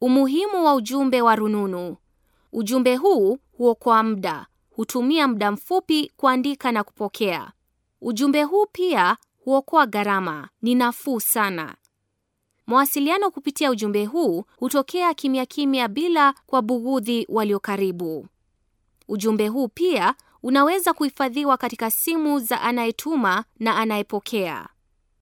Umuhimu wa ujumbe wa rununu. Ujumbe huu huokoa muda, hutumia muda mfupi kuandika na kupokea. Ujumbe huu pia huokoa gharama, ni nafuu sana. Mawasiliano kupitia ujumbe huu hutokea kimya kimya bila bugudhi walio karibu. Ujumbe huu pia unaweza kuhifadhiwa katika simu za anayetuma na anayepokea.